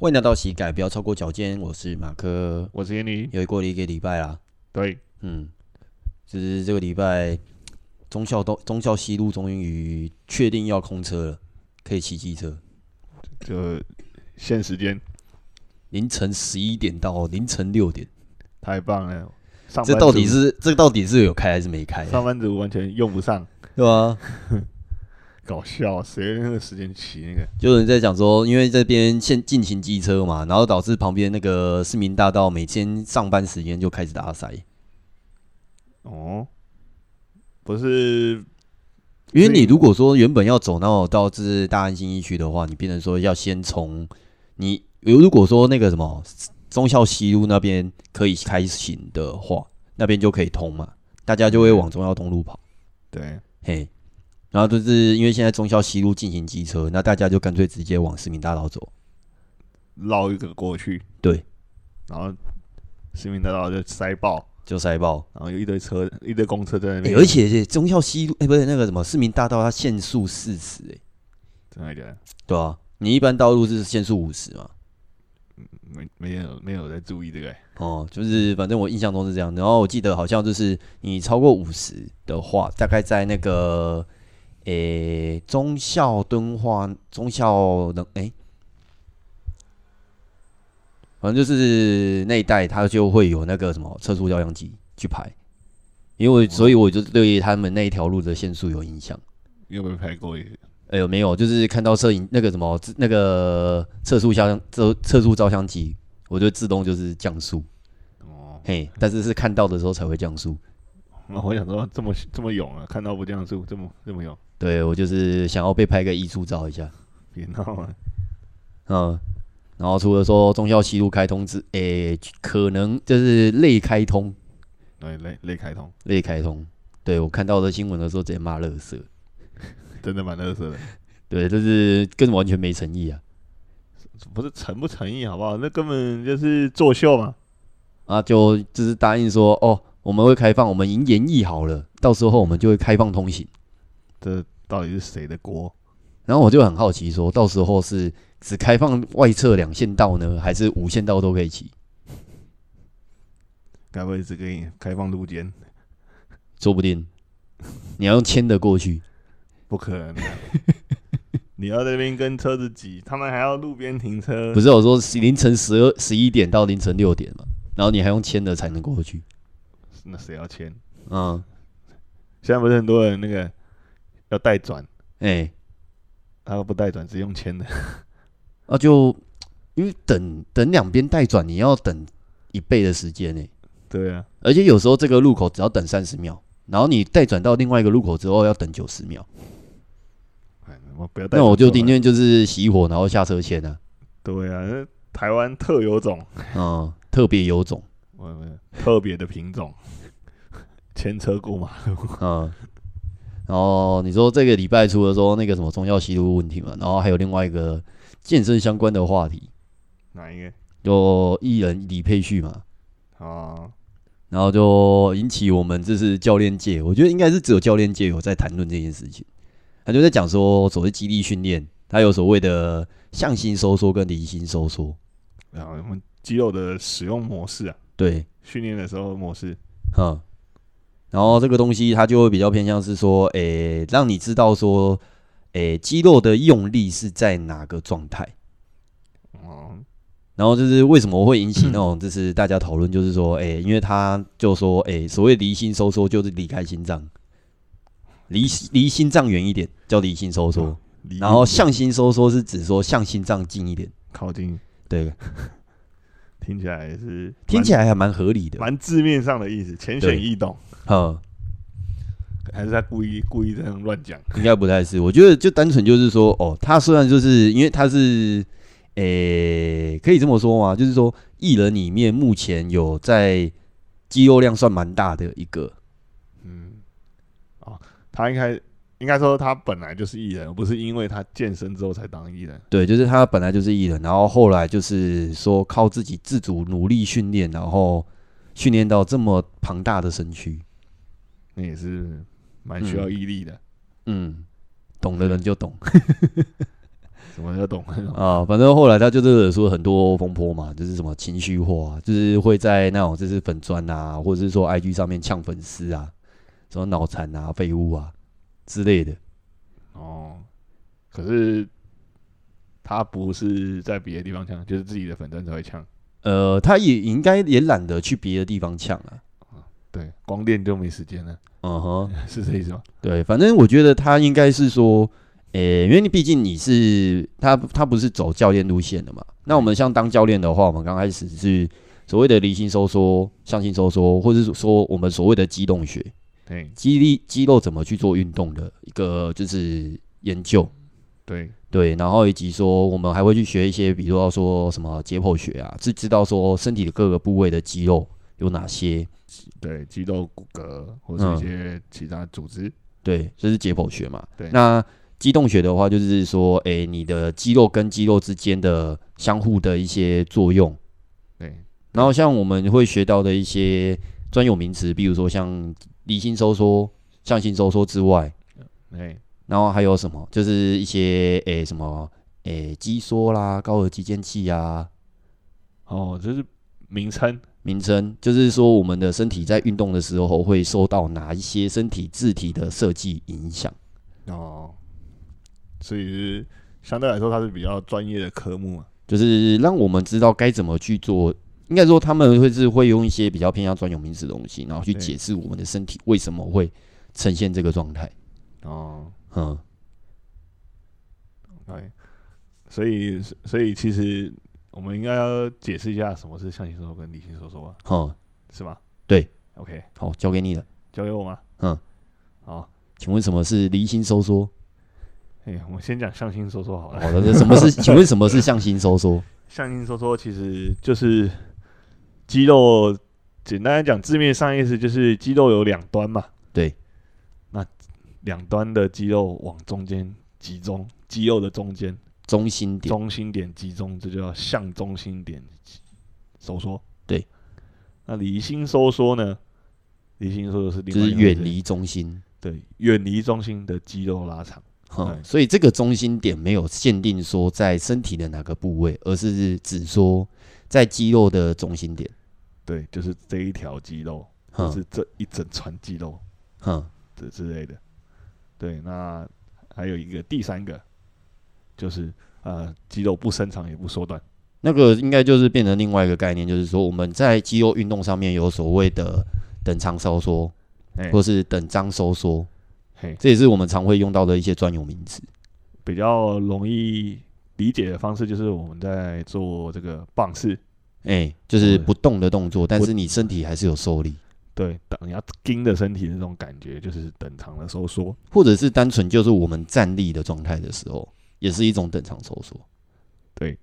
歡迎來到膝蓋，不要超過腳尖。我是馬克，我是燕妮，又過了一個禮拜啦。對，嗯，就是這個禮拜，忠孝東、忠孝西路終於確定要空車了，可以騎機車，就限時間，凌晨十一點到凌晨六點，太棒了。上班這到底是這到底是有開還是沒開？上班族完全用不上，是吧、啊？ 搞笑，誰那個時間騎那個？有人在講說，因為這邊禁行機車嘛，然後導致旁邊那個市民大道每天上班時間就開始打塞。哦，不是，因為你如果說原本要走那道，至大安信義區的話，你變成說要先從你，如果說那個什麼忠孝西路那邊可以開行的話，那邊就可以通嘛，大家就會往忠孝東路跑。對，嘿。然後就是因為現在忠孝西路進行機車，那大家就乾脆直接往市民大道走，繞一個過去。對，然後市民大道就塞爆，就塞爆，然後有一堆車、一堆公車在那邊。而且是忠孝西路哎，不是那個什麼市民大道，它限速四十哎，真的假的？對啊，你一般道路是限速五十嗎？嗯，沒沒有沒有在注意這個哦、欸嗯。就是反正我印象中是這樣。然後我記得好像就是你超過五十的話，大概在那個。誒、欸，忠孝敦化，忠孝的誒，反正就是那一帶，他就會有那個什麼測速照相機去拍，因為、哦、所以我就對他們那一條路的限速有影響。你有沒有拍過也？哎、欸、呦，沒有，就是看到攝影那個什麼，那個測速相測測速照相機，我就自動就是降速。哦，嘿、欸，但是是看到的時候才會降速。那、哦、我想說，這麼這麼勇啊，看到不降速，這麼這麼勇。對，我就是想要被拍個藝術照一下。別鬧了，嗯，然後除了說忠孝西路開通之，哎、欸，可能就是類開通，對，類類開通，類開通，對，我看到的新聞的時候直接罵垃圾， 真的蠻垃圾的，對，就是更完全沒誠意啊，不是誠不誠意好不好？那根本就是作秀嘛，啊，就就是答應說哦，我們會開放，我們已經協議好了，到時候我們就會開放通行。這到底是誰的鍋？然後我就很好奇說，說到時候是只開放外側兩線道呢，還是五線道都可以騎？該不會只給你開放路肩，說不定你要用牽的過去， 不可能。 你要那邊跟車子擠，他們還要路邊停車。不是我說，凌晨十二、十一點到凌晨六點嘛，然後你還用牽的才能過去，那誰要牽？嗯，現在不是很多人那個。要待轉，哎、欸，他不待轉，啊，只用牽的，那就因為等等兩邊待轉，你要等一倍的時間呢、欸。對啊，而且有時候這個路口只要等三十秒，然後你待轉到另外一個路口之後要等九十秒。哎、欸，我不要待轉。那我就寧願就是熄火然後下車牽了，啊。對啊，台灣特有種，嗯，特別有種，呃，特別的品種，牽 車過馬路，啊、嗯。然後你說這個禮拜除了說那個什麼宗教吸毒問題嘛，然後還有另外一個健身相關的話題，哪一個？就藝人李佩旭嘛，啊，然後就引起我們這是教練界，我覺得應該是只有教練界有在談論這件事情。他就在講說所謂的肌力訓練，他有所謂的向心收縮跟離心收縮，然後我們肌肉的使用模式啊？對，訓練的時候的模式，然後這個東西它就會比較偏向是說，誒，讓你知道說，誒，肌肉的用力是在哪個狀態。哦。然後就是為什麼會引起那種，就是大家討論就是說，誒，因為他就說，誒，所謂離心收縮就是離開心臟，離離心臟遠一點叫離心收縮。然後向心收縮是指說向心臟近一點，靠近。對。聽起來是聽起來還蠻合理的，蠻字面上的意思，淺顯易懂。嗯，還是在故意故意這樣亂講？應該不太是。我覺得就單純就是說，哦，他雖然就是因為他是，呃，可以這麼說嘛，就是說，藝人裡面目前有在肌肉量算蠻大的一個，嗯，哦，他應該。應該說他本來就是藝人，不是因為他健身之後才當藝人。對，就是他本來就是藝人，然後後來就是說靠自己自主努力訓練，然後訓練到這麼龐大的身軀，那也是蠻需要毅力的嗯。嗯，懂的人就懂，嗯、 什麼叫懂啊，麼啊？反正後來他就是說很多風波嘛，就是什麼情緒化，就是會在那種就是粉專啊，或者是說 IG 上面嗆粉絲啊，什麼腦殘啊、廢物啊。之類的，哦，可是他不是在別的地方搶，就是自己的粉磚才會搶呃，他也應該也懶得去別的地方搶了，啊。對，光練就沒時間了。嗯哼，是這意思嗎？對，反正我覺得他應該是說，呃、欸，因為你畢竟你是他，他不是走教練路線的嘛。那我們像當教練的話，我們剛開始是所謂的離心收縮、向心收縮，或是說我們所謂的肌動學。誒，肌力肌肉怎麼去做運動的一個就是研究，對對，然後以及說我們還會去學一些，比如說說什麼解剖學啊，是知道說身體的各個部位的肌肉有哪些，對肌肉骨骼或者是一些其他組織，嗯、對，這、就是解剖學嘛。對，那肌動學的話，就是說，誒、欸，你的肌肉跟肌肉之間的相互的一些作用，對。然後像我們會學到的一些專有名詞，比如說像。離心收縮、向心收縮之外，哎、嗯嗯，然後還有什麼？就是一些，哎、欸，什麼，哎、欸，肌梭啦、高爾基腱器呀、啊，哦，就是名稱。名稱就是說，我們的身體在運動的時候會受到哪一些身體字體的設計影響？哦，所以是相對來說，它是比較專業的科目嘛，就是讓我們知道該怎麼去做。應該說，他們會是會用一些比較偏向專有名詞的東西，然後去解釋我們的身體為什麼會呈現這個狀態。哦，嗯，ok，所以所以其實我們應該要解釋一下什麼是向心收縮跟離心收縮啊。嗯，是嗎？對，OK，好，交給你了。交給我嗎？嗯，好，Oh，請問什麼是離心收縮？哎，Hey，我們先講向心收縮好了。好的，哦，什麼是？ 請問什麼是向心收縮？向 心收縮其實就是。肌肉簡單來講，字面上意思就是肌肉有兩端嘛。對，那兩端的肌肉往中間集中，肌肉的中間中心點，中心點集中，這叫向中心點收縮。對，那離心收縮呢？離心收縮是就是遠離中心，對，遠離中心的肌肉拉長。嗯，所以這個中心點沒有限定說在身體的哪個部位，而是指說在肌肉的中心點。對，就是這一條肌肉，就是這一整串肌肉，嗯，這之類的。對，那還有一個第三個，就是呃，肌肉不伸長也不縮短。那個應該就是變成另外一個概念，就是說我們在肌肉運動上面有所謂的等長收縮，或是等張收縮。嘿，這也是我們常會用到的一些專有名詞。比較容易理解的方式就是我們在做這個棒式。哎、欸，就是不動的動作，但是你身體還是有受力。對，等你要盯着身體那種感覺，就是等長的收縮，或者是單純就是我們站立的狀態的時候，也是一種等長收縮。對，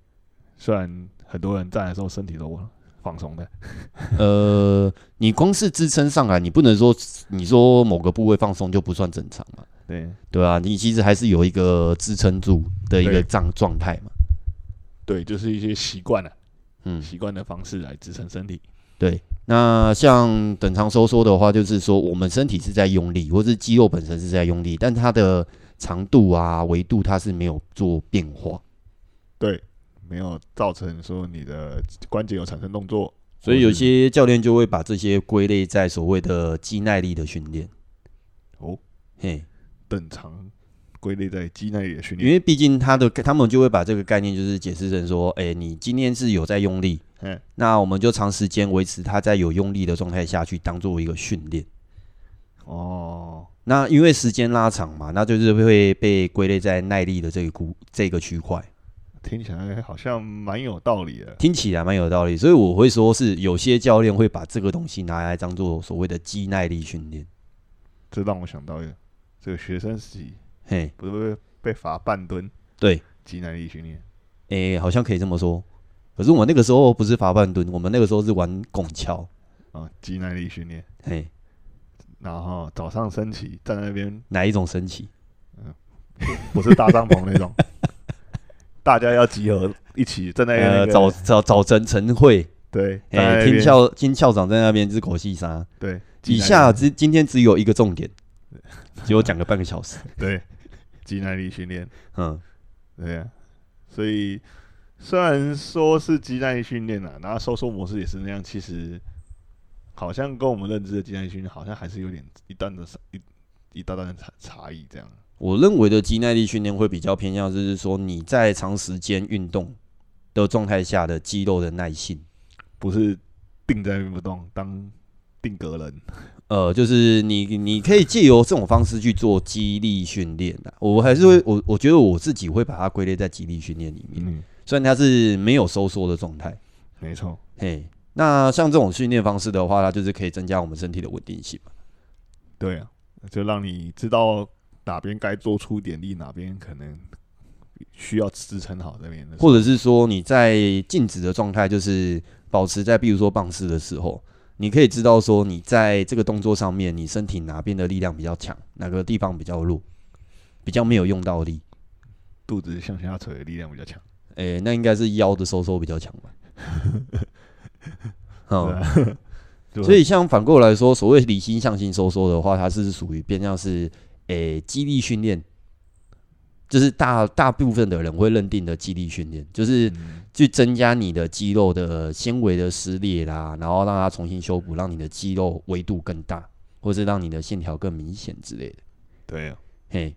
雖然很多人站的時候身體都放鬆的， 呃，你光是支撐上來，你不能說你說某個部位放鬆就不算正常嘛？對，對啊，你其實還是有一個支撐住的一個狀狀態嘛對。對，就是一些習慣了。嗯，習慣的方式來支撐身體。嗯，對，那像等長收縮的話，就是說我們身體是在用力，或是肌肉本身是在用力，但它的長度啊、維度它是沒有做變化。對，沒有造成說你的關節有產生動作。所以有些教練就會把這些歸類在所謂的肌耐力的訓練。哦，嘿，等長。歸類在肌耐力的訓練，因為畢竟他的他們就會把這個概念就是解釋成說，哎、欸，你今天是有在用力，嗯，那我們就長時間維持他在有用力的狀態下去當做一個訓練。哦，那因為時間拉長嘛，那就是會被歸類在耐力的這個區這個區塊。聽起來好像蠻有道理的，聽起來蠻有道理，所以我會說是有些教練會把這個東西拿來當做所謂的肌耐力訓練。這讓我想到一個，這個學生時期。嘿，不是，不是被罰半蹲？對，肌耐力訓練，哎、欸，好像可以這麼說。可是我那個時候不是罰半蹲，我們那個時候是玩拱橋啊，哦、肌耐力訓練。嘿，然後早上升旗站在那邊，哪一種升旗？嗯、不是搭帳篷那種， 大家要集合一起在那早早早晨晨會。對，哎、欸，金校金校長在那邊，是國細沙。對，以下只今天只有一個重點，只有講個半個小時。對。 對肌耐力訓練，嗯，對呀、啊。所以雖然說是肌耐力訓練吶，然後收縮模式也是那樣，其實好像跟我們認知的肌耐力訓練好像還是有點一段的、一一大段的差差異這樣。我認為的肌耐力訓練會比較偏向，就是說你在長時間運動的狀態下的肌肉的耐性，不是定在不動當定格人。呃，就是你，你可以借由這種方式去做肌力訓練的。我還是會我，我覺得我自己會把它歸類在肌力訓練裡面。嗯，雖然它是沒有收縮的狀態。沒錯。嘿，那像這種訓練方式的話，它就是可以增加我們身體的穩定性嘛。對啊，就讓你知道哪邊該做出點力，哪邊可能需要支撐好這邊的。或者是說你在靜止的狀態，就是保持在，比如說棒式的時候。你可以知道說，你在這個動作上面，你身體哪邊的力量比較強，哪個地方比較弱，比較沒有用到力，肚子向下垂的力量比較強。哎、欸，那應該是腰的收縮比較強吧？嗯 哦，是啊、 所以像反過來說，所謂離心向心收縮的話，它是屬於變向是哎肌力訓練。欸就是大大部分的人會認定的肌力訓練，就是去增加你的肌肉的纖維的撕裂啦，然後讓它重新修補，讓你的肌肉維度更大，或是讓你的線條更明顯之類的。對呀、哦，嘿，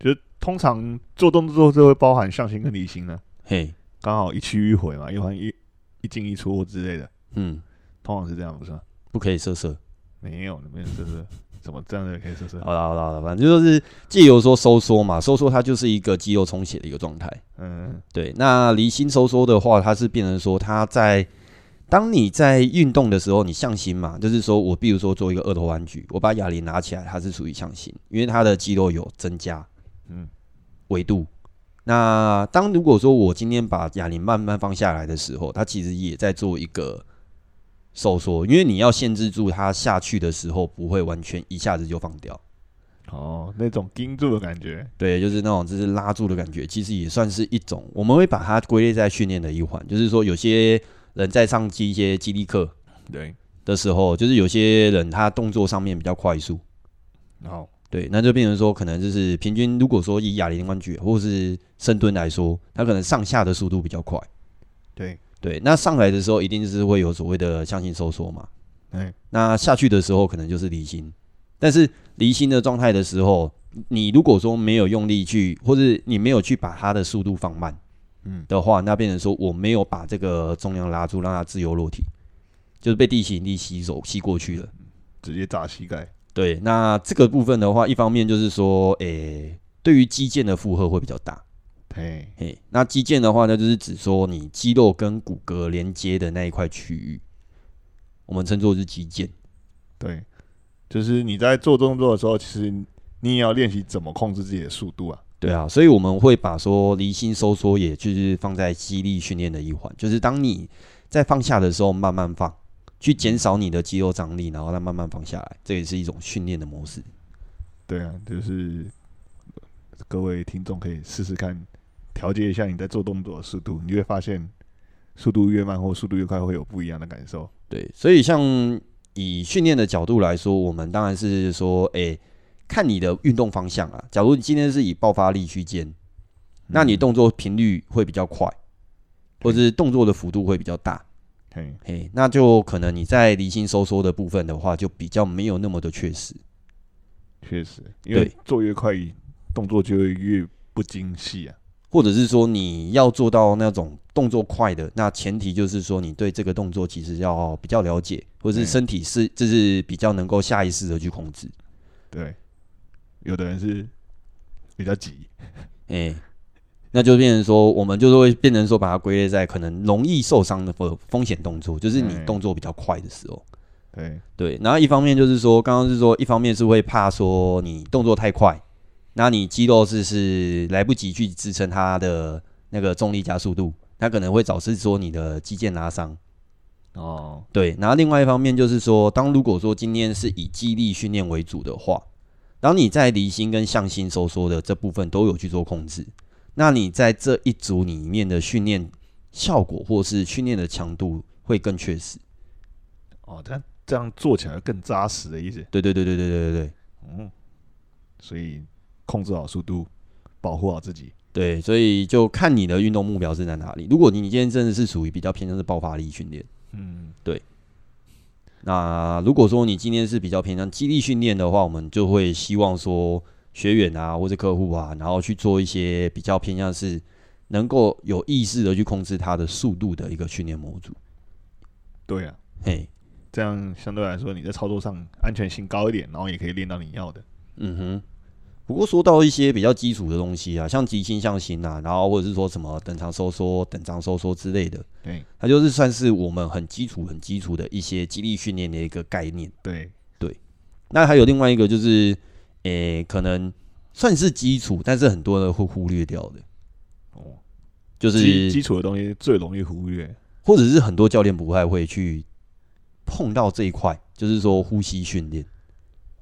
就是通常做動作就會包含向心跟離心呢。嘿，剛好一去一回嘛，一環一，一進一出之類的。嗯，通常是這樣，不是嗎？不可以色色，沒有，沒有色色。怎麼這樣也可以說說？好了好了好了，反正就是借由說收縮嘛，收縮它就是一個肌肉充血的一個狀態。嗯，對。那離心收縮的話，它是變成說，它在當你在運動的時候，你向心嘛，就是說我比如說做一個二頭彎舉，我把啞鈴拿起來，它是屬於向心，因為它的肌肉有增加，嗯，維度。那當如果說我今天把啞鈴慢慢放下來的時候，它其實也在做一個。收縮，因為你要限制住它下去的時候不會完全一下子就放掉。哦，那種盯住的感覺，對，就是那種就是拉住的感覺，其實也算是一種。我們會把它歸類在訓練的一環，就是說有些人在上機一些肌力課，對的時候，就是有些人他動作上面比較快速，然後對，那就變成說可能就是平均，如果說以啞鈴彎舉或是深蹲來說，他可能上下的速度比較快，對。對，那上來的時候一定是會有所謂的向心收縮嘛、欸。那下去的時候可能就是離心，但是離心的狀態的時候，你如果說沒有用力去，或者你沒有去把它的速度放慢，嗯，的話，那變成說我沒有把這個重量拉住，讓它自由落體，就是被地心引力吸走吸過去了，嗯、直接砸膝蓋。對，那這個部分的話，一方面就是說，誒、欸，對於肌腱的負荷會比較大。嘿，嘿，那肌腱的話呢，就是指說你肌肉跟骨骼連接的那一塊區域，我們稱作是肌腱。對，就是你在做動作的時候，其實你也要練習怎麼控制自己的速度啊。對啊，所以我們會把說離心收縮，也就是放在肌力訓練的一環，就是當你在放下的時候，慢慢放，去減少你的肌肉張力，然後再慢慢放下來，這也是一種訓練的模式。對啊，就是各位聽眾可以試試看。調節一下你在做動作的速度，你就會發現速度越慢或速度越快會有不一樣的感受。對，所以像以訓練的角度來說，我們當然是說，哎，欸，看你的運動方向啊。假如你今天是以爆發力區間，那你動作頻率會比較快，嗯，或者是動作的幅度會比較大。嘿嘿，那就可能你在離心收縮的部分的話，就比較沒有那麼的確實。確實，因為做越快，動作就會越不精細啊。或者是說你要做到那種動作快的，那前提就是說你對這個動作其實要比較了解，或者是身體是就、欸、是比較能夠下意識的去控制。對，有的人是比較急。哎、欸，那就變成說，我們就是會變成說，把它歸類在可能容易受傷的風風險動作，就是你動作比較快的時候。對、欸、對，然後一方面就是說，剛剛是說，一方面是會怕說你動作太快。那你肌肉是是來不及去支撐它的那個重力加速度，它可能會導致說你的肌腱拉傷。哦，對。然後另外一方面就是說，當如果說今天是以肌力訓練為主的話，當你在離心跟向心收縮的這部分都有去做控制，那你在這一組裡面的訓練效果或是訓練的強度會更確實。哦，他這樣做起來更紮實的意思。對，對對對對對對對對。嗯，所以。控制好速度，保護好自己。對，所以就看你的運動目標是在哪裡。如果你今天真的是屬於比較偏向是爆發力訓練，嗯，對。那如果說你今天是比較偏向肌力訓練的話，我們就會希望說學員啊，或是客戶啊，然後去做一些比較偏向是能夠有意識的去控制它的速度的一個訓練模組。對呀、啊，嘿，這樣相對來說你在操作上安全性高一點，然後也可以練到你要的。嗯哼。不過說到一些比較基礎的東西啊，像離心向心吶，然後或者是說什麼等長收縮、等長收縮之類的，對，它就是算是我們很基礎、很基礎的一些肌力訓練的一個概念。對對，那還有另外一個就是，誒，可能算是基礎，但是很多人會忽略掉的。哦，就是基礎的東西最容易忽略，或者是很多教練不太會去碰到這一塊，就是說呼吸訓練。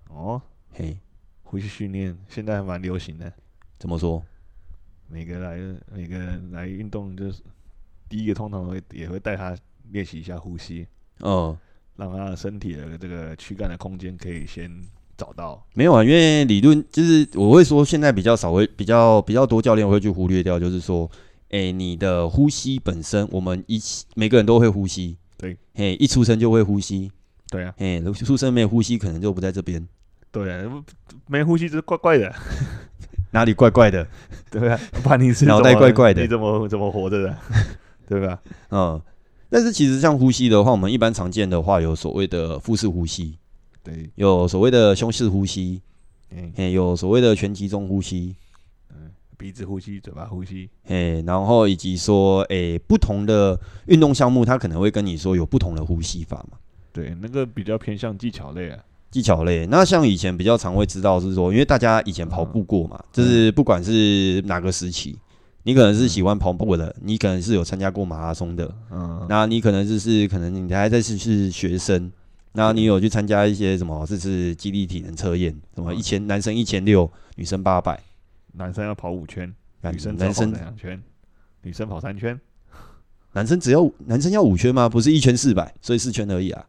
哦，嘿。呼吸訓練現在還蠻流行的，怎麼說？每個人來每個人來運動，就是第一個通常會也會帶他練習一下呼吸哦、嗯，讓他的身體的這個軀幹的空間可以先找到、嗯。沒有啊，因為理論就是我會說，現在比較少會比較比較多教練會去忽略掉，就是說，哎、欸，你的呼吸本身，我們一起每個人都會呼吸，對，嘿，一出生就會呼吸，對啊，嘿，出生沒有呼吸可能就不在這邊。對、啊，沒呼吸就是怪怪的， 哪裡怪怪的？ 對啊，怕你是腦 袋怪，怪怪的，你怎麼怎麼活着的？ 對吧？嗯，但是其實像呼吸的話，我們一般常見的話，有所謂的腹式呼吸，對，有所謂的胸式呼吸，哎、欸，有所謂的全集中呼吸，嗯，鼻子呼吸、嘴巴呼吸，哎，然後以及說，哎、欸，不同的運動項目，它可能會跟你說有不同的呼吸法嘛。對，那個比較偏向技巧類啊。技巧類，那像以前比較常會知道是說，因為大家以前跑步過嘛，嗯、就是不管是哪個時期、嗯，你可能是喜歡跑步的，嗯、你可能是有參加過馬拉松的，嗯，那你可能就是可能你還在是是學生、嗯，那你有去參加一些什麼，這是激勵體能測驗、嗯，什麼一千男生一千六，女生八百，男生要跑五圈，男生男生兩圈，女生跑三圈，男生只要男生要五圈嗎？不是一圈四百，所以四圈而已啊？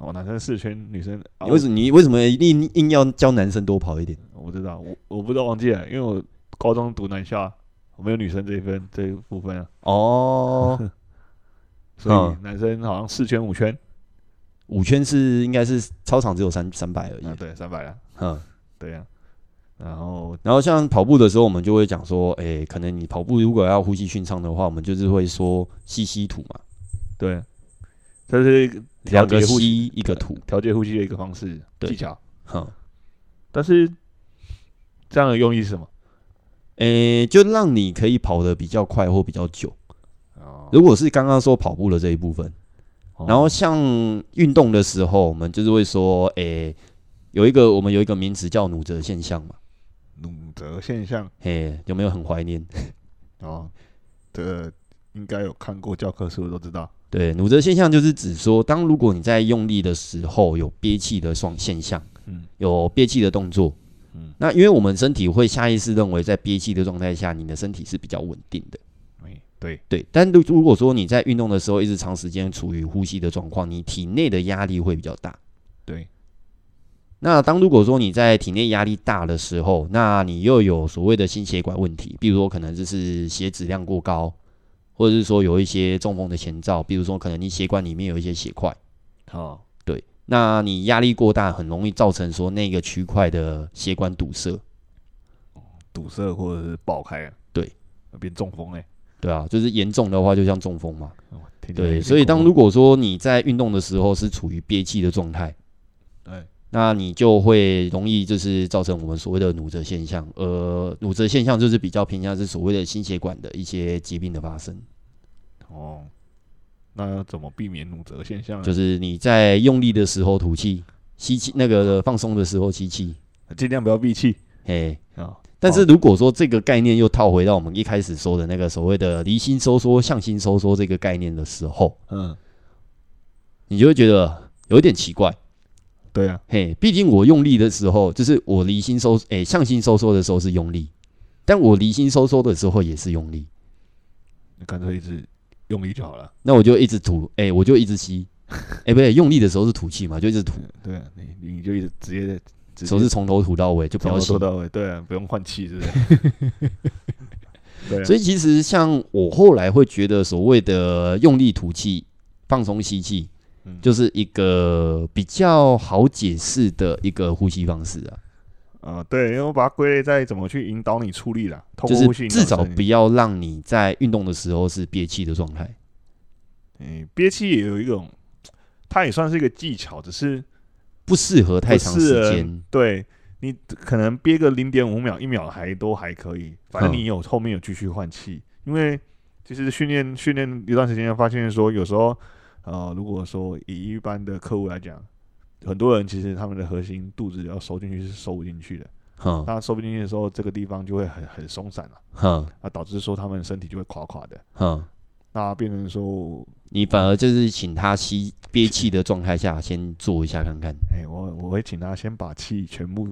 我、哦、男生四圈，女生。為什你為什麼硬、啊、硬要教男生多跑一點？我不知道，我我不知道忘記了，因為我高中讀南校、啊，我沒有女生這一分這一部分啊。哦， 所以男生好像四圈、嗯、五圈，五圈是應該是操場只有三三百而已、啊。對，三百了。嗯，對呀、啊。然後，然後像跑步的時候，我們就會講說，誒、欸，可能你跑步如果要呼吸順暢的話，我們就是會說吸吸吐嘛。對，這是。調節呼吸一個圖，調節呼吸的一個方式對技巧。哈、嗯，但是這樣的用意是什麼？誒、欸，就讓你可以跑得比較快或比較久。哦、如果是剛剛說跑步的這一部分，哦、然後像運動的時候，我們就是會說，誒、欸，有一個我們有一個名詞叫努責現象嘛？努責現象，嘿，有沒有很懷念？哦，這個應該有看過教科書都知道。對，努責現象就是指說，當如果你在用力的時候有憋氣的雙現象，嗯，有憋氣的動作，嗯，那因為我們身體會下意識認為在憋氣的狀態下，你的身體是比較穩定的，嗯、對，對，但如如果說你在運動的時候一直長時間處於呼吸的狀況，你體內的壓力會比較大，對。那當如果說你在體內壓力大的時候，那你又有所謂的心血管問題，比如說可能就是血脂量過高。或者是說有一些中風的前兆，比如說可能你血管裡面有一些血塊，啊、oh.，對，那你壓力過大，很容易造成說那個區塊的血管堵塞，堵塞或者是爆開，對，變中風哎、欸，對啊，就是嚴重的話就像中風嘛、oh,，對，所以當如果說你在運動的時候是處於憋氣的狀態。那你就會容易就是造成我們所謂的努責現象，呃，努責現象就是比較偏向是所謂的心血管的一些疾病的發生。哦，那要怎麼避免努責現象呢？就是你在用力的時候吐氣，吸氣，那個放鬆的時候吸氣，儘量不要閉氣。嘿啊、哦！但是如果說這個概念又套回到我們一開始說的那個所謂的離心收縮、向心收縮這個概念的時候，嗯，你就會覺得有一點奇怪。對啊，嘿，畢竟我用力的時候，就是我離心收，哎、欸，向心收縮的時候是用力，但我離心收縮的時候也是用力。那乾脆一直用力就好了。那我就一直吐，哎、欸，我就一直吸，哎、 欸，不對、欸，用力的時候是吐氣嘛，就一直吐。對、啊，你你就一直直接，直接手是從頭吐到尾，就不要說到尾。對、啊，不用換氣，是不是？ 對、啊對啊。所以其實像我後來會覺得，所謂的用力吐氣，放鬆吸氣，就是一個比較好解釋的一個呼吸方式啊，啊對，因為我把它歸類在怎麼去引導你出力了，透過呼吸，至少不要讓你在運動的時候是憋氣的狀態。嗯，憋氣也有一種，它也算是一個技巧，只是不適合太長時間、呃。對你可能憋個零點五秒、一秒還都還可以，反正你有後面有繼續換氣、嗯。因為其實訓練訓練一段時間，發現說有時候。啊、呃，如果說以一般的客戶來講，很多人其實他們的核心肚子要收進去是收不進去的。那、哦、他收不進去的時候，這個地方就會很很鬆散了、啊，哈、哦，啊，導致說他們的身體就會垮垮的，哦、那變成說你反而就是請他吸憋氣的狀態下先做一下看看，哎、欸，我我會請他先把氣全部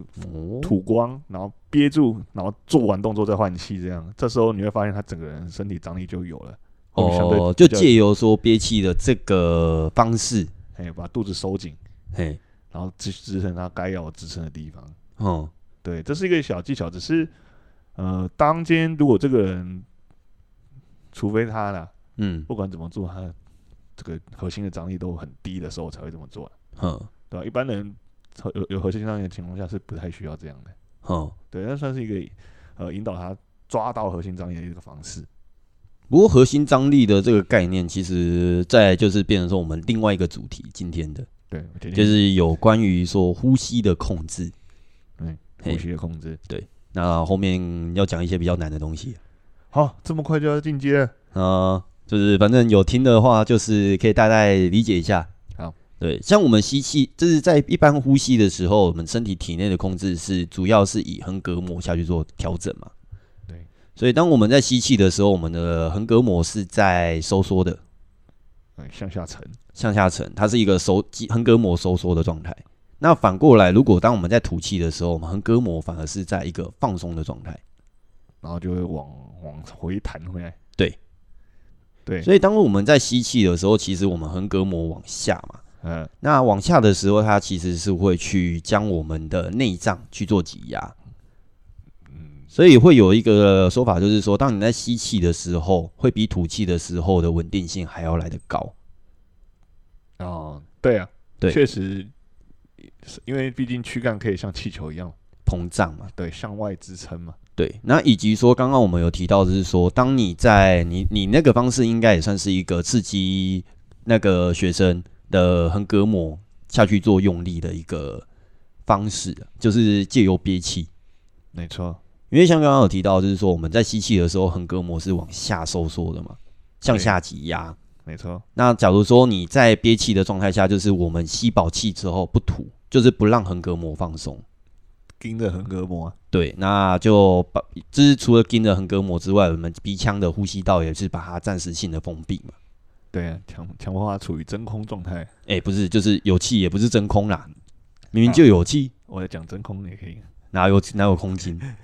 吐光，然後憋住，然後做完動作再換氣，這樣，這時候你會發現他整個人身體張力就有了。哦，就借由說憋氣的這個方式，哎，把肚子收緊，然後支支撐他該要支撐的地方。哦，對，這是一個小技巧，只是呃，當今天如果這個人，除非他了，嗯，不管怎麼做，他這個核心的張力都很低的時候才會這麼做的。嗯、哦，對吧？一般人有有核心張力的情況下是不太需要這樣的。嗯、哦，對，那算是一個呃引導他抓到核心張力的一個方式。不過，核心張力的這個概念，其實再，就是變成說我們另外一個主題，今天的，對，就是有關於說呼吸的控制，嗯，呼吸的控制，對，那後面要講一些比較難的東西。好，這麼快就要進階啊、呃，就是反正有聽的話，就是可以大概理解一下。好，對，像我們吸氣，就是在一般呼吸的時候，我們身體體內的控制是主要是以橫膈膜下去做調整嘛。所以，當我們在吸氣的時候，我們的橫膈膜是在收縮的，嗯，向下沉，向下沉，它是一個收，橫膈膜收縮的狀態。那反過來，如果當我們在吐氣的時候，我們橫膈膜反而是在一個放鬆的狀態，然後就會往、嗯、往回彈回來。對，對。所以，當我們在吸氣的時候，其實我們橫膈膜往下嘛，嗯，那往下的時候，它其實是會去將我們的內臟去做擠壓。所以會有一個說法，就是說，當你在吸氣的時候，會比吐氣的時候的穩定性還要來得高。哦、呃，對啊，對，確實，因為畢竟軀幹可以像氣球一樣膨脹嘛，對，向外支撐嘛，對。那以及說，剛剛我們有提到，就是說，當你在你你那個方式，應該也算是一個刺激那個學生的橫膈膜下去做用力的一個方式，就是借由憋氣，沒錯。因為像剛剛有提到，就是說我們在吸氣的時候，橫膈膜是往下收縮的嘛，向下擠壓、欸。沒錯。那假如說你在憋氣的狀態下，就是我們吸飽氣之後不吐，就是不讓橫膈膜放鬆。盯着橫膈膜、啊。對，那就把，就是除了盯着橫膈膜之外，我們鼻腔的呼吸道也是把它暫時性的封閉嘛。對啊，強強化它處於真空狀態。哎、欸，不是，就是有氣，也不是真空啦，明明就有氣、啊。我在講真空也可以，哪有哪有空間？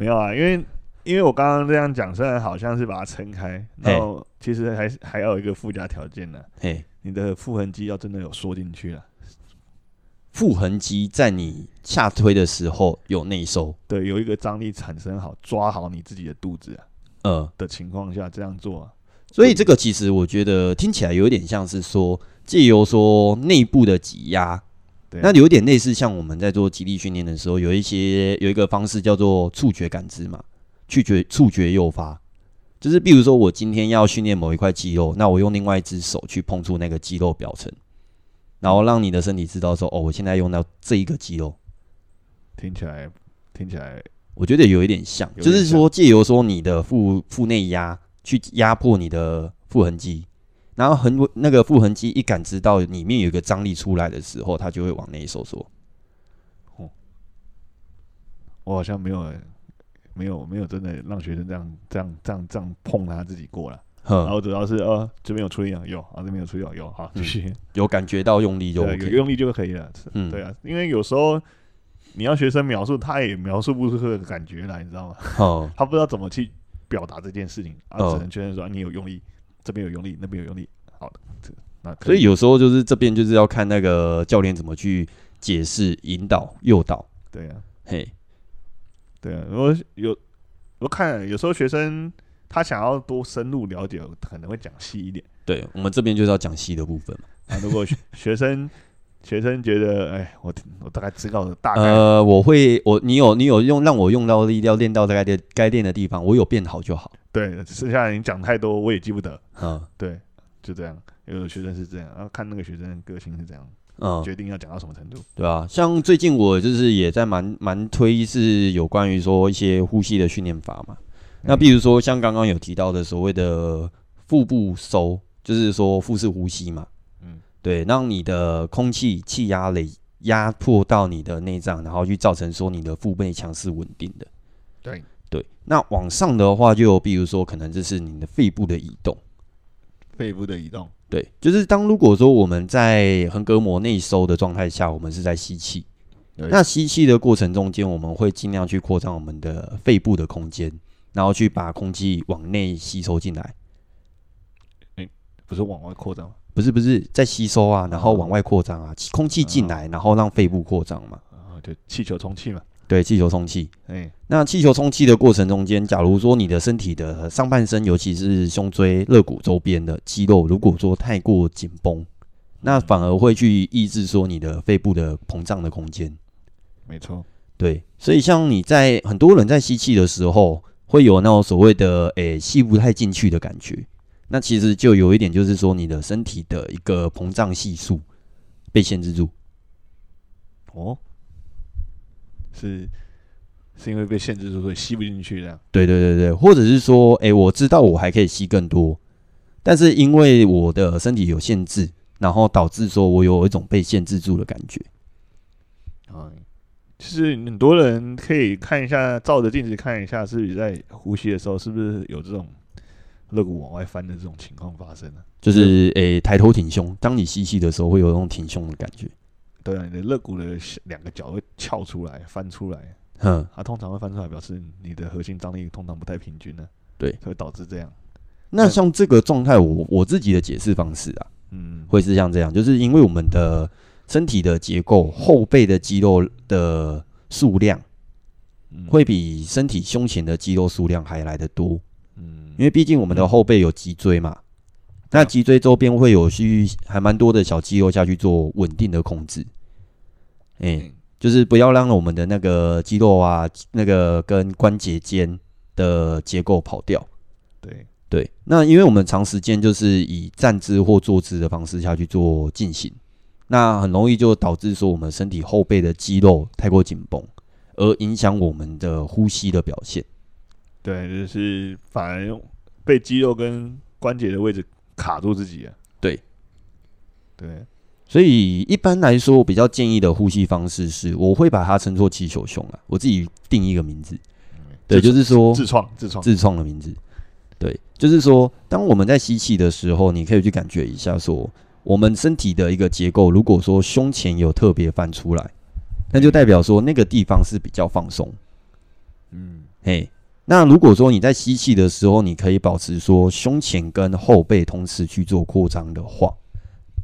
沒有啊，因為因為我剛剛這樣講，雖然好像是把它撐開，然後其實還是還要有一個附加條件呢、啊。嘿，你的腹橫肌要真的有縮進去了，腹橫肌在你下推的時候有內收，對，有一個張力產生好，好抓好你自己的肚子、啊，呃的情況下這樣做、啊。所以，所以這個其實我覺得聽起來有點像是說，借由說內部的擠壓。那有點類似，像我們在做肌力訓練的時候，有一些有一個方式叫做觸覺感知嘛，觸覺觸覺誘發，就是比如說我今天要訓練某一塊肌肉，那我用另外一隻手去碰觸那個肌肉表層，然後讓你的身體知道說，哦，我現在用到這一個肌肉。聽起來，聽起來，我覺得有一點像，就是說借由說你的腹腹內壓去壓迫你的腹橫肌。然後，很那個腹橫肌一感知到裡面有個張力出來的時候，它就會往內收縮。哦，我好像沒有沒有沒有真的讓學生這樣這樣這樣這樣碰他自己過來。然後主要是呃、哦、這邊有出力量啊，這邊有出力量用，就是有感覺到用力就、OK、有用力就可以了、嗯。對啊，因為有時候你要學生描述，他也描述不出的感覺來，你知道嗎、哦？他不知道怎麼去表達這件事情，啊，只能確認說你有用力。這邊有用力，那邊有用力，好的，這那可以，所以有時候就是這邊就是要看那個教練怎麼去解釋、引導、誘導，對啊，嘿，對啊，如果有我看有時候學生他想要多深入了解，可能會講細一點。對，我們這邊就是要講細的部分嘛。 那如果學，學生學生覺得哎，我我大概知道大概呃，我會我你有你有用讓我用到力，要練到該練該練的地方，我有變好就好。對，剩下你講太多我也記不得啊、嗯。對，就這樣。有的學生是這樣，然後看那個學生的個性是這樣，嗯、決定要講到什麼程度，嗯、對吧、啊？像最近我就是也在蠻蠻推，是有關於說一些呼吸的訓練法嘛、嗯。那比如說像剛剛有提到的所謂的腹部收，就是說腹式呼吸嘛。嗯，對，讓你的空氣氣壓累壓迫到你的內臟，然後去造成說你的腹背強是穩定的。對。對，那往上的話，就有比如說，可能這是你的肺部的移動，肺部的移動，對，就是當如果說我們在橫膈膜內收的狀態下，我們是在吸氣，那吸氣的過程中間，我們會盡量去擴張我們的肺部的空間，然後去把空氣往內吸收進來。欸，不是往外擴張嗎？不是不是，在吸收啊，然後往外擴張啊，啊，空氣進來，然後讓肺部擴張嘛，啊，啊，對氣球充氣嘛。對，氣球充氣，欸，那氣球充氣的過程中間，假如說你的身體的上半身，尤其是胸椎、肋骨周邊的肌肉，如果說太過緊繃，那反而會去抑制說你的肺部的膨脹的空間。沒錯，對，所以像你在很多人在吸氣的時候，會有那種所謂的“欸，吸不太進去”的感覺，那其實就有一點就是說你的身體的一個膨脹係數被限制住。哦。是，是因為被限制住，所以吸不進去這樣。對對對對，或者是說，欸，我知道我還可以吸更多，但是因為我的身體有限制，然後導致說我有一種被限制住的感覺。啊，其實很多人可以看一下，照着鏡子看一下，自己在呼吸的時候是不是有這種肋骨往外翻的這種情況發生呢？就是，誒，抬頭挺胸，當你吸氣的時候，會有那種挺胸的感覺。對啊，你的肋骨的兩個角會翹出來、翻出來，哼，它、啊、通常會翻出來，表示你的核心張力通常不太平均呢、啊。對，會，會導致這樣。那像這個狀態，我我自己的解釋方式啊，嗯，會是像這樣，就是因為我們的身體的結構，後背的肌肉的數量、嗯、會比身體胸前的肌肉數量還來得多，嗯，因為畢竟我們的後背有脊椎嘛。那脊椎周邊會有需，還蠻多的小肌肉下去做穩定的控制，誒、嗯欸，就是不要讓我們的那個肌肉啊，那個跟關節間的結構跑掉。對對，那因為我們長時間就是以站姿或坐姿的方式下去做進行，那很容易就導致說我們身體後背的肌肉太過緊繃，而影響我們的呼吸的表現。對，就是反而被肌肉跟關節的位置。卡住自己啊！對，對，所以一般來說，我比較建議的呼吸方式是，我會把它稱作氣球胸啊，我自己定一個名字。嗯、對，就是說自創自創自創的名字。對，就是說，當我們在吸氣的時候，你可以去感覺一下說，說我們身體的一個結構，如果說胸前有特別翻出來，那就代表說那個地方是比較放鬆。嗯，嘿、hey。那如果說你在吸氣的時候，你可以保持說胸前跟後背同時去做擴張的話，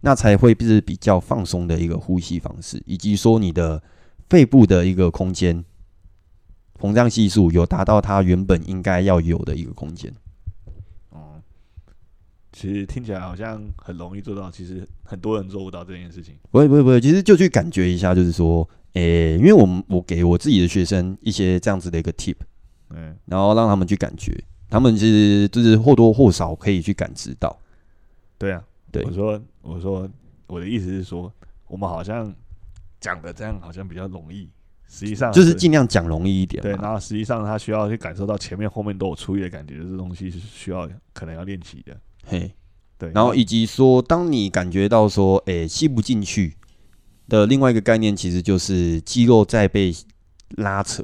那才會是比較放鬆的一個呼吸方式，以及說你的肺部的一個空間膨脹係數有達到它原本應該要有的一個空間。哦、嗯，其實聽起來好像很容易做到，其實很多人做不到這件事情。不會不會不會，其實就去感覺一下，就是說，誒、欸，因為我們我給我自己的學生一些這樣子的一個 tip。對，然後讓他們去感覺，他們其實就是或多或少可以去感知到。對啊，對。我說，我說，我的意思是說，我們好像講的這樣好像比較容易，實際上是就是盡量講容易一點。對，然後實際上他需要去感受到前面後面都有出入的感覺，這、就是、東西是需要可能要練習的。嘿，對。然後以及說，當你感覺到說，哎，吸不進去的另外一個概念，其實就是肌肉在被拉扯。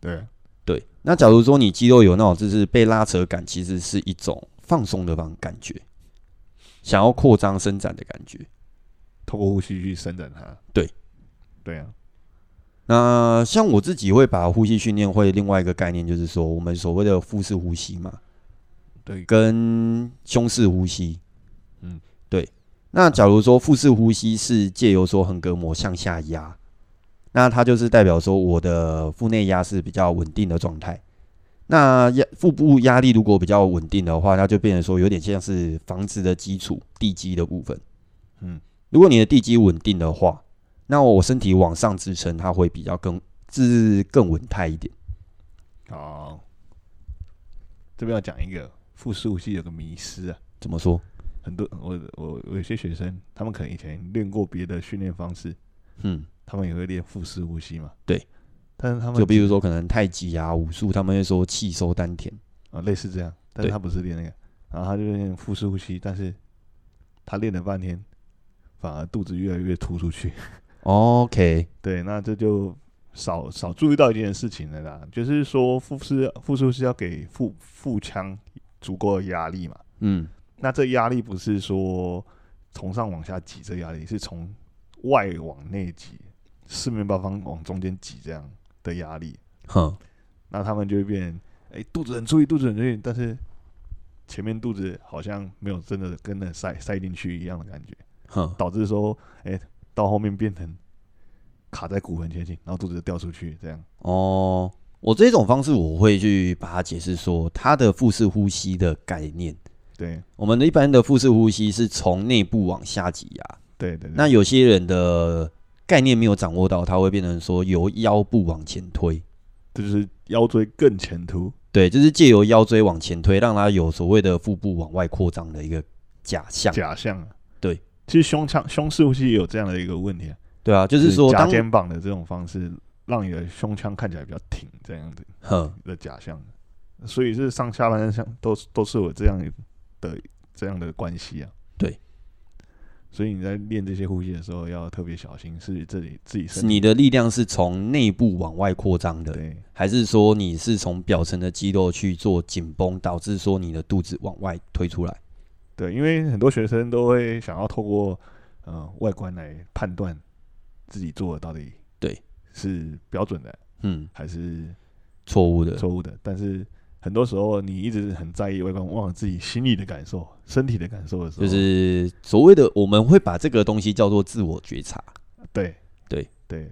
對。對，那假如說你肌肉有那種就是被拉扯感，其實是一種放鬆的那種感覺，想要擴張伸展的感覺，通過呼吸去伸展它。對，對啊。那像我自己會把呼吸訓練會另外一個概念，就是說我們所謂的腹式呼吸嘛，對，跟胸式呼吸。嗯，對。那假如說腹式呼吸是借由說橫膈膜向下壓。那它就是代表說，我的腹內壓是比較穩定的狀態。那壓腹部壓力如果比較穩定的話，那就變成說，有點像是房子的基礎地基的部分。嗯，如果你的地基穩定的話，那我身體往上支撐，它會比較更自更穩態一點。好、哦，這邊要講一個腹式呼吸有個迷思啊，怎麼說？很多我我有些學生，他們可能以前練過別的訓練方式，嗯。他們也會練腹式呼吸嘛？對，但是他們就比如說可能太極啊，武術，他們會說氣收丹田啊、哦，類似這樣。但是他不是練那個，然後他就練腹式呼吸，但是他練了半天，反而肚子越來越突出去。OK， 對，那這就少少注意到一件事情了啦，就是說腹式腹式是要給腹腹腔足夠的壓力嘛。嗯，那這壓力不是說從上往下擠這壓力，是從外往內擠。四面八方往中間擠這樣的壓力，哼、嗯，那他們就會變，哎、欸，肚子很出力，肚子很出力。但是前面肚子好像沒有真的跟那塞塞進去一樣的感覺，哼、嗯，導致說，哎、欸，到後面變成卡在骨盆前進，然後肚子就掉出去這樣。哦，我這種方式我會去把它解釋說，它的腹式呼吸的概念，對，我們的一般的腹式呼吸是從內部往下擠壓、啊，對，對對，那有些人的。概念沒有掌握到，它會變成說由腰部往前推，就是腰椎更前凸。對，就是借由腰椎往前推讓它有所謂的腹部往外擴張的一個假象。假象啊，對。其實胸腔、胸式呼吸也有這樣的一個問題啊。對啊，就是說夾、就是、肩膀的這種方式，讓你的胸腔看起來比較挺這樣子的假象。所以是上下半身都都是有這樣的這樣的關係啊。所以你在練這些呼吸的時候要特別小心，是這裡自己身體，你的力量是從內部往外擴張的，對，還是說你是從表層的肌肉去做緊繃，導致說你的肚子往外推出來？對，對，因為很多學生都會想要透過嗯、呃、外觀來判斷自己做的到底對是標準的，嗯，還是錯誤的，錯誤的，但是。很多時候，你一直很在意外觀，忘了自己心裡的感受、身體的感受的時候，就是所謂的我們會把這個東西叫做自我覺察。對對對，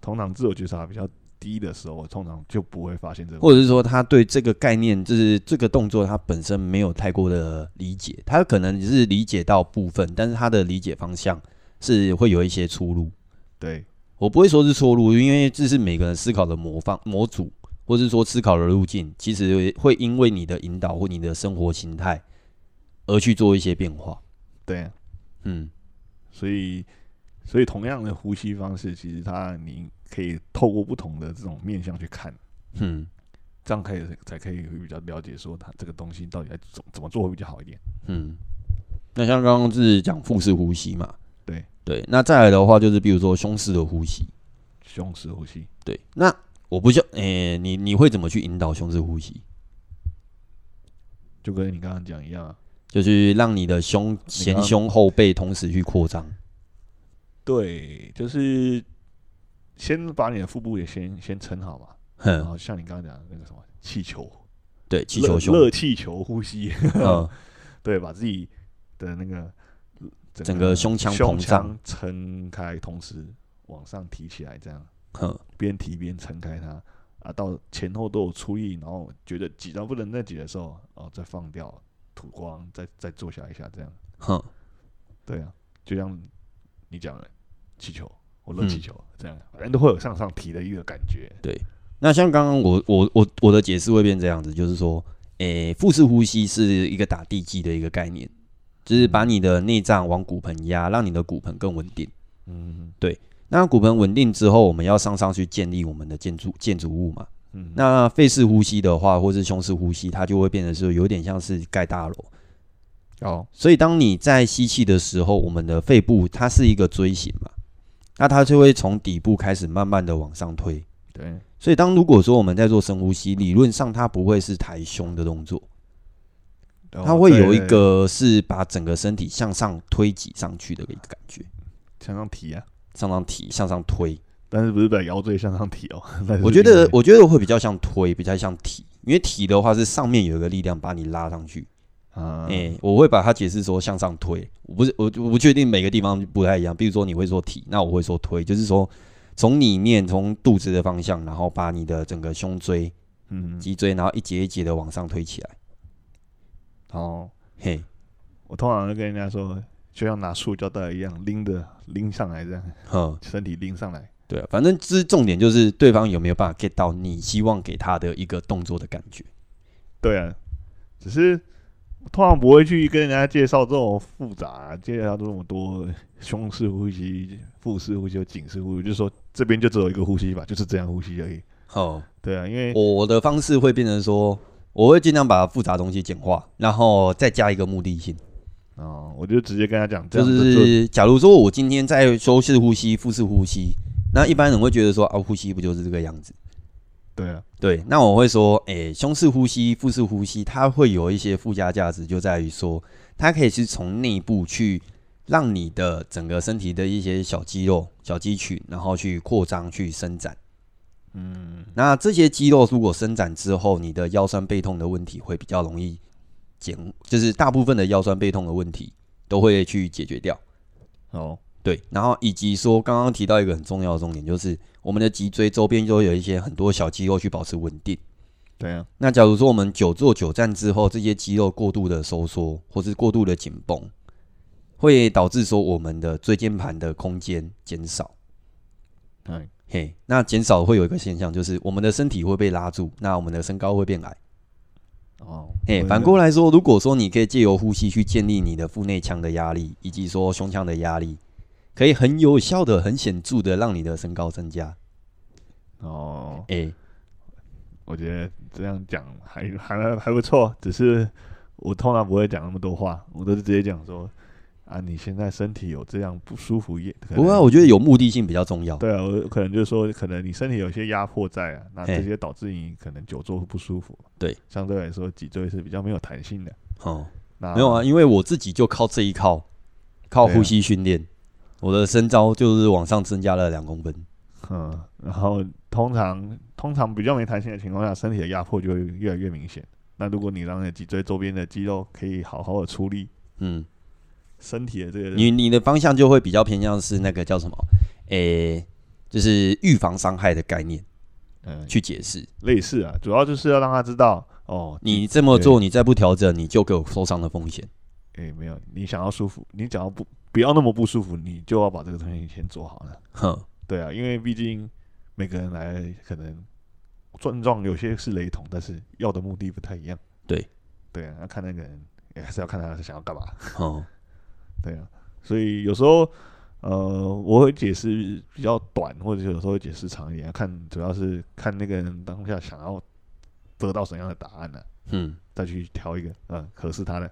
通常自我覺察比較低的時候，我通常就不會發現這個。或者是說，他對這個概念，就是這個動作，他本身沒有太過的理解，他可能是理解到部分，但是他的理解方向是會有一些出路。對，我不會說是出路，因為這是每個人思考的魔方模組。或是說思考的路徑，其實會因為你的引導或你的生活形態而去做一些變化。對，嗯，所以所以同樣的呼吸方式，其實它，你可以透過不同的這種面向去看，嗯，這樣可以才可以比較了解說它這個東西到底要怎怎麼做會比較好一點。嗯，那像剛剛是講腹式呼吸嘛，對對，那再來的話就是比如說胸式的呼吸，胸式呼吸，對那。我不就哎、欸，你你會怎麼去引導胸式呼吸？就跟你剛剛講一樣，就是讓你的胸前胸後背同時去擴張。對，就是先把你的腹部也先先撐好嘛，哼、嗯，好像你剛剛講的那個什麼氣球，對，氣球胸，熱氣球呼吸， 嗯，對，把自己的那個整個胸腔膨脹撐開，同時往上提起來，這樣。哼、嗯，邊提邊撐開它，啊，到前後都有出力，然後覺得擠到不能再擠的時候，然後再放掉，吐光，再再坐下一下，這樣。哼、嗯，對啊，就像你講的氣球，我扔氣球，這樣、嗯、人都會有向上、上提的一個感覺。對，那像剛剛我我我我的解釋會變這樣子，就是說，誒、欸，腹式呼吸是一個打地基的一個概念，就是把你的內臟往骨盆壓，讓你的骨盆更穩定。嗯，對。那骨盆穩定之後，我們要上上去建立我們的建築建築物嘛。嗯，那肺式呼吸的話，或是胸式呼吸，它就會變得是有點像是蓋大樓哦。所以當你在吸氣的時候，我們的肺部它是一個錐形嘛，那它就會從底部開始慢慢的往上推。對。所以當如果說我們在做深呼吸，理論上它不會是抬胸的動作，它會有一個是把整個身體向上推擠上去的一個感覺，向上提啊。向上提，向上推，但是不是把腰椎向上提哦？我覺得，我覺得我會比較像推，比較像提，因為提的話是上面有一個力量把你拉上去。嗯。欸，我會把它解釋說向上推，我不是我我不確定每個地方不太一樣。比如說你會說提，那我會說推，就是說從裡面，從肚子的方向，然後把你的整個胸椎，嗯嗯脊椎，然後一節一節的往上推起來。哦，嘿，我通常就跟人家說。就像拿塑膠袋一樣拎的拎上來這樣，嗯，身體拎上來。對啊，反正這重點就是對方有沒有辦法 get 到你希望給他的一個動作的感覺。對啊，只是通常不會去跟人家介紹這種複雜、啊，介紹這麼多胸式呼吸、腹式呼吸、頸式呼吸，就是說這邊就只有一個呼吸吧，就是這樣呼吸而已。哦，對啊，因為我的方式會變成說，我會盡量把複雜的東西簡化，然後再加一個目的性。哦，我就直接跟他講、就是，就是假如說我今天在胸式呼吸、腹式呼吸，那一般人會覺得說啊，呼吸不就是這個樣子？對啊，對。那我會說，哎、欸，胸式呼吸、腹式呼吸，它會有一些附加價值，就在於說，它可以是從內部去讓你的整個身體的一些小肌肉、小肌群，然後去擴張、去伸展。嗯，那這些肌肉如果伸展之後，你的腰酸背痛的問題會比較容易。減就是大部分的腰酸背痛的問題都會去解決掉，哦、oh.，對，然後以及說剛剛提到一個很重要的重點，就是我們的脊椎周邊就會有一些很多小肌肉去保持穩定，對啊。那假如說我們久坐久站之後，這些肌肉過度的收縮或是過度的緊繃，會導致說我們的椎間盤的空間減少，對，嘿，那減少會有一個現象，就是我們的身體會被拉住，那我們的身高會變矮。哦，哎，反過來說，如果說你可以借由呼吸去建立你的腹內腔的壓力，以及說胸腔的壓力，可以很有效的、很顯著的讓你的身高增加。哦，誒，我覺得這樣講還還還不錯，只是我通常不會講那麼多話，我都是直接講說。啊，你現在身體有這樣不舒服也？不過我覺得有目的性比較重要。對啊，我可能就是說，可能你身體有些壓迫在啊，那這些導致你可能久坐會不舒服。對，相對來說，脊椎是比較沒有彈性的。哦，那沒有啊，因為我自己就靠這一靠，靠呼吸訓練，我的身高就是往上增加了兩公分。嗯，然後通常通常比較沒彈性的情況下，身體的壓迫就會越來越明顯。那如果你讓你脊椎周邊的肌肉可以好好的出力，嗯。身體的這個你，你你的方向就會比較偏向是那個叫什麼？誒、欸，就是預防傷害的概念，嗯，去解釋類似啊，主要就是要讓他知道哦，你這麼做，你再不調整，你就給我受傷的風險。誒、欸，沒有，你想要舒服，你想要不不要那麼不舒服，你就要把這個東西先做好了。哼，對啊，因為畢竟每個人來可能症狀有些是雷同，但是要的目的不太一樣。對，對啊，看那個人也、欸、還是要看他是想要幹嘛。哦。對啊，所以有時候，呃，我會解釋比較短，或者有時候會解釋長一點，看主要是看那個人當下想要得到什麼樣的答案呢、啊？嗯，再去挑一個，嗯，合適他的。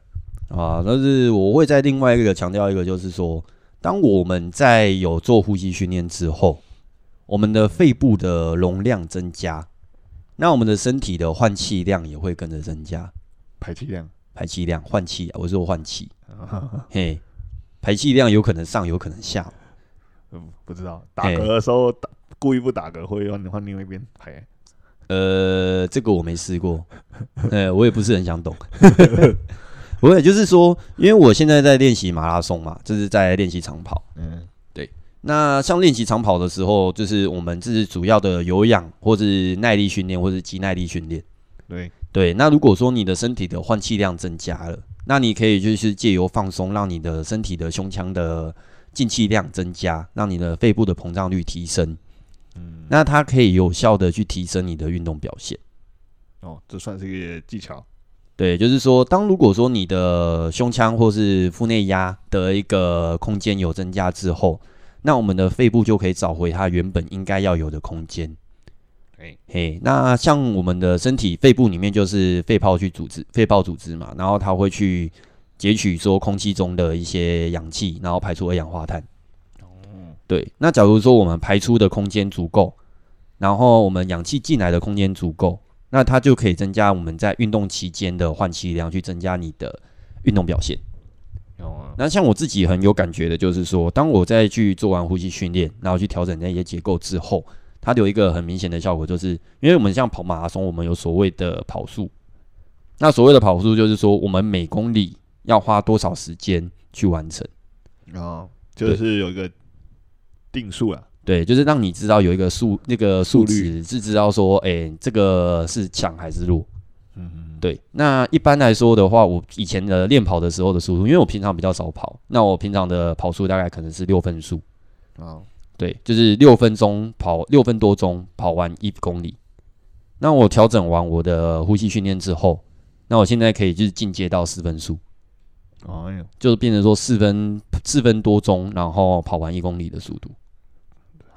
啊，但是我會在另外一個強調一個，就是說，當我們在有做呼吸訓練之後，我們的肺部的容量增加，那我們的身體的換氣量也會跟着增加。排氣量？排氣量？換氣？我說換氣。啊、哈哈嘿。排氣量有可能上，有可能下，嗯，不知道打嗝的時候打，故意不打嗝會換換另外一邊排。呃，這個我沒試過， 呃，我也不是很想懂。 我也就是說，因為我現在在練習馬拉松嘛，就是在練習長跑。嗯，對。那像練習長跑的時候，就是我們這是主要的有氧，或是耐力訓練，或是肌耐力訓練。對。對，那如果說你的身體的換氣量增加了，那你可以就是借由放鬆，讓你的身體的胸腔的進氣量增加，讓你的肺部的膨脹率提升，嗯，那它可以有效地去提升你的運動表現。哦，這算是一個技巧。對，就是說，當如果說你的胸腔或是腹內壓的一個空間有增加之後，那我們的肺部就可以找回它原本應該要有的空間。誒，嘿，那像我們的身體肺部裡面就是肺泡去組織，肺泡組織嘛，然後它會去截取說空氣中的一些氧氣，然後排出二氧化碳。哦、oh.，對。那假如說我們排出的空間足夠，然後我們氧氣進來的空間足夠，那它就可以增加我們在運動期間的換氣量，去增加你的運動表現。有啊、oh.，那像我自己很有感覺的就是說，當我再去做完呼吸訓練，然後去調整那些結構之後，它有一個很明顯的效果，就是因為我們像跑馬拉松，我們有所謂的跑速。那所謂的跑速，就是說我們每公里要花多少時間去完成。啊、哦，就是有一個定數啊對，對，就是讓你知道有一個速，那個速率是知道說，哎、欸，這個是強還是弱。嗯，對。那一般來說的話，我以前的練跑的時候的速度，因為我平常比較少跑，那我平常的跑速大概可能是六分速。啊、哦。對，就是六分鐘跑，六分多鐘跑完一公里。那我調整完我的呼吸訓練之後，那我現在可以就是進階到四分速、哦。哎呦，就是變成說四分四分多鐘，然後跑完一公里的速度，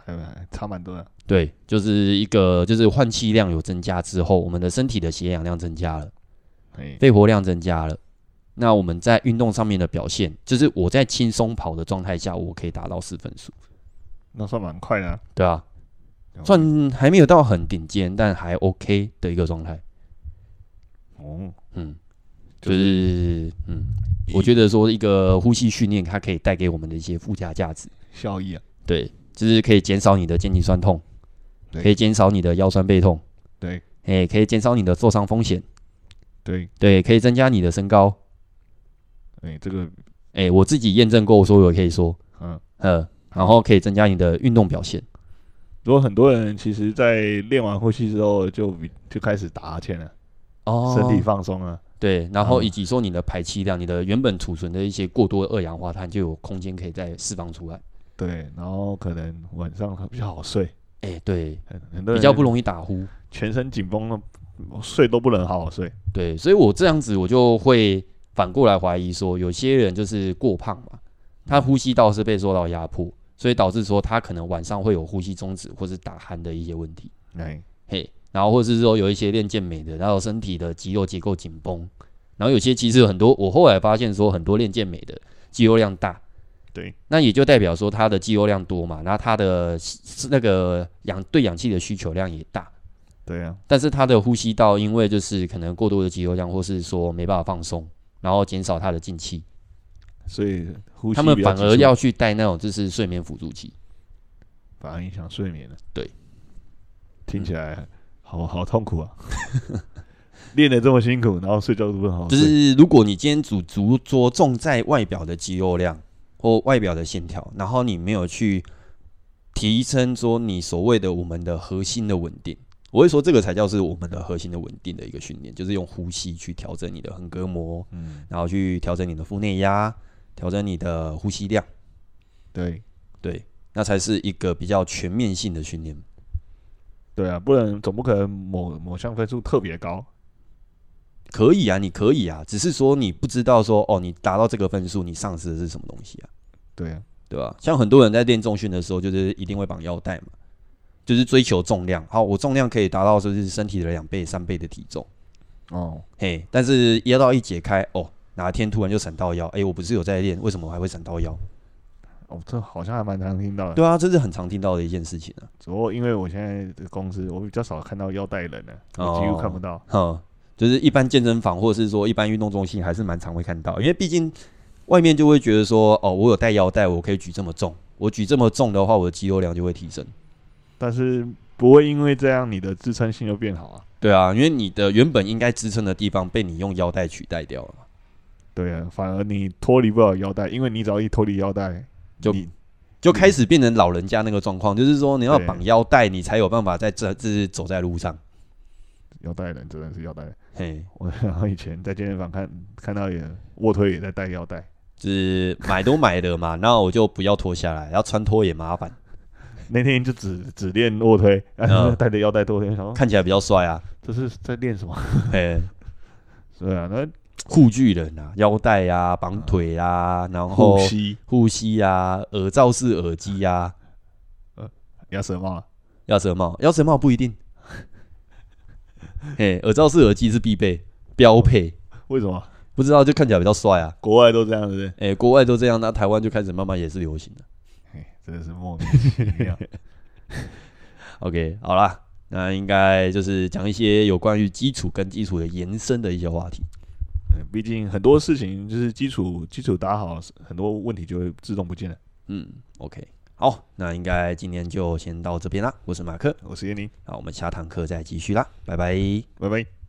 還還，還差蠻多的。對，就是一個就是換氣量有增加之後，我們的身體的血氧量增加了、哎，肺活量增加了。那我們在運動上面的表現，就是我在輕鬆跑的狀態下，我可以達到四分速。那算蠻快的，啊，對啊，okay. 算還沒有到很頂尖，但還 OK 的一個狀態。哦，oh,，嗯，就是，就是，嗯，我覺得說一個呼吸訓練，它可以帶給我們的一些附加價值，效益啊。對，就是可以減少你的肩頸痠痛，對可以減少你的腰酸背痛，對，哎，欸，可以減少你的受傷風險，對，對，可以增加你的身高。哎，欸，這個哎，欸，我自己驗證過，所以我可以說，嗯，嗯，呃。然後可以增加你的運動表現。如果很多人其實，在練完呼吸之後就，就就開始打哈欠了，哦，身體放鬆啊，對，然後以及說你的排氣量，嗯、你的原本儲存的一些過多的二氧化碳，就有空間可以再釋放出來。對，然後可能晚上比較好睡。哎，對，很多人比較不容易打呼，全身緊繃，睡都不能好好睡。對，所以我這樣子，我就會反過來懷疑說，有些人就是過胖嘛，嗯、他呼吸道是被受到壓迫。所以導致說他可能晚上會有呼吸中止或是打鼾的一些問題。嘿，然後或者是說有一些練健美的，然後身體的肌肉結構緊繃，然後有些其實很多我後來發現說很多練健美的肌肉量大，對，那也就代表說他的肌肉量多嘛，然後他的那個氧對氧氣的需求量也大，對啊，但是他的呼吸道因為就是可能過多的肌肉量，或是說沒辦法放鬆，然後減少他的進氣。所以，他們反而要去戴那種就是睡眠輔助器，反而影響睡,睡眠了。對，聽起來好好痛苦啊！練 得這麼辛苦，然後睡覺都不好。就是如果你今天主足着重在外表的肌肉量或外表的線條，然後你沒有去提升說你所謂的我們的核心的穩定，我會說這個才叫是我們的核心的穩定的一個訓練，就是用呼吸去調整你的橫膈膜，嗯，然後去調整你的腹內壓。調整你的呼吸量，對，對，那才是一個比較全面性的訓練。對啊，不能總不可能某某項分數特別高。可以啊，你可以啊，只是說你不知道說哦，你達到這個分數，你喪失的是什麼東西啊？對啊，對吧，啊？像很多人在練重訓的時候，就是一定會綁腰帶嘛，就是追求重量。好，我重量可以達到就是身體的兩倍、三倍的體重。哦，嘿、hey，但是腰帶一解開，哦。哪一天突然就閃到腰？哎、欸，我不是有在練，為什麼我還會閃到腰？哦，這好像還蠻常聽到的。對啊，這是很常聽到的一件事情啊。只不過因為我現在的公司，我比較少看到腰帶人了、啊，我幾乎看不到。哈、哦，就是一般健身房或者是說一般運動中心，還是蠻常會看到。因為畢竟外面就會覺得說，哦，我有帶腰帶，我可以舉這麼重。我舉這麼重的話，我的肌肉量就會提升。但是不會因為這樣，你的支撐性就變好啊？對啊，因為你的原本應該支撐的地方被你用腰帶取代掉了。對啊，反而你脫離不了腰帶，因為你只要一脫離腰帶，就你就開始變成老人家那個狀況，就是說你要綁腰帶，你才有辦法在這這是走在路上。腰帶人真的是腰帶人，嘿，我以前在健身房看、嗯、看到也臥推也在帶腰帶，只、就是、買都買的嘛，那 我就不要脫下來，要穿脫也麻煩。 那天就只只練臥推，帶、啊、着、嗯、腰帶脫下來，看起來比較帥啊。這是在練什麼？嘿、嘿，是 啊，那。護具人啊，腰帶呀、啊，綁腿呀、啊嗯，然後呼吸、護膝呀、啊，耳罩式耳機呀、啊嗯，呃，鴨舌、啊、鴨舌帽、鴨舌帽、鴨舌帽不一定。哎、 欸，耳罩式耳機是必備標配，為什麼？不知道，就看起來比較帥啊。國外都這樣是不是，對不對？哎，國外都這樣，那台灣就開始慢慢也是流行了。哎、欸，真的是莫名其妙。 OK，好了，那應該就是講一些有關於基礎跟基礎的延伸的一些話題。畢竟很多事情就是基礎基礎打好，很多問題就會自動不見了。嗯，OK，好，那應該今天就先到這邊啦。我是馬克，我是葉寧，好，我們下堂課再繼續啦 bye bye，拜拜，拜拜。